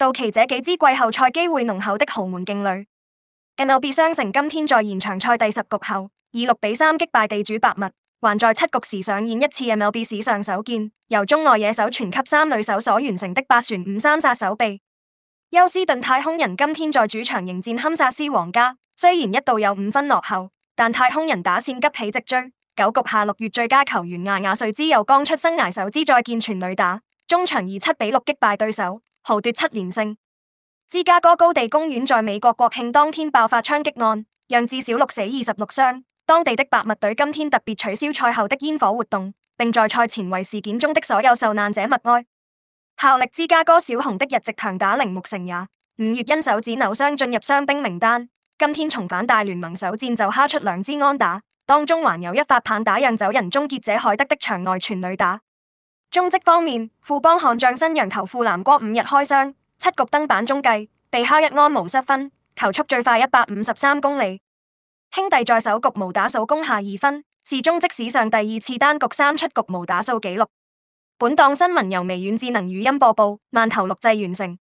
道奇這幾支季後賽機會濃厚的豪門勁旅，MLB 雙城今天在延長賽第十局後，以六比三擊敗地主白襪，還在七局時上演一次 MLB 史上首見，由中外野手傳給三壘手所完成的八傳五三殺守備。休斯頓太空人今天在主場迎戰堪薩斯皇家，雖然一度有五分落後，但太空人打線急起直追，九局下六月最佳球員牙牙瑞茲又剛出生涯首支再見全壘打，終場以七比六擊敗對手。豪奪七連勝。芝加哥高地公園在美國國慶當天爆發槍擊案，讓至少六死二十六傷。當地的白襪隊今天特別取消賽後的煙火活動，並在賽前為事件中的所有受難者默哀。效力芝加哥小熊的日籍強打鈴木誠也，五月因手指扭傷進入傷兵名單，今天重返大聯盟首戰就敲出兩支安打，當中還有一發棒打釀酒人終結者海德的場外全壘打。中職方面，富邦悍將新洋投富南哥五日開箱，七局登板中繼被敲一安無失分，球速最快一百五十三公里。兄弟在首局無打數攻下二分，是中職史上第二次單局三出局無打數紀錄。本檔新聞由微軟智能語音播報，慢投錄製完成。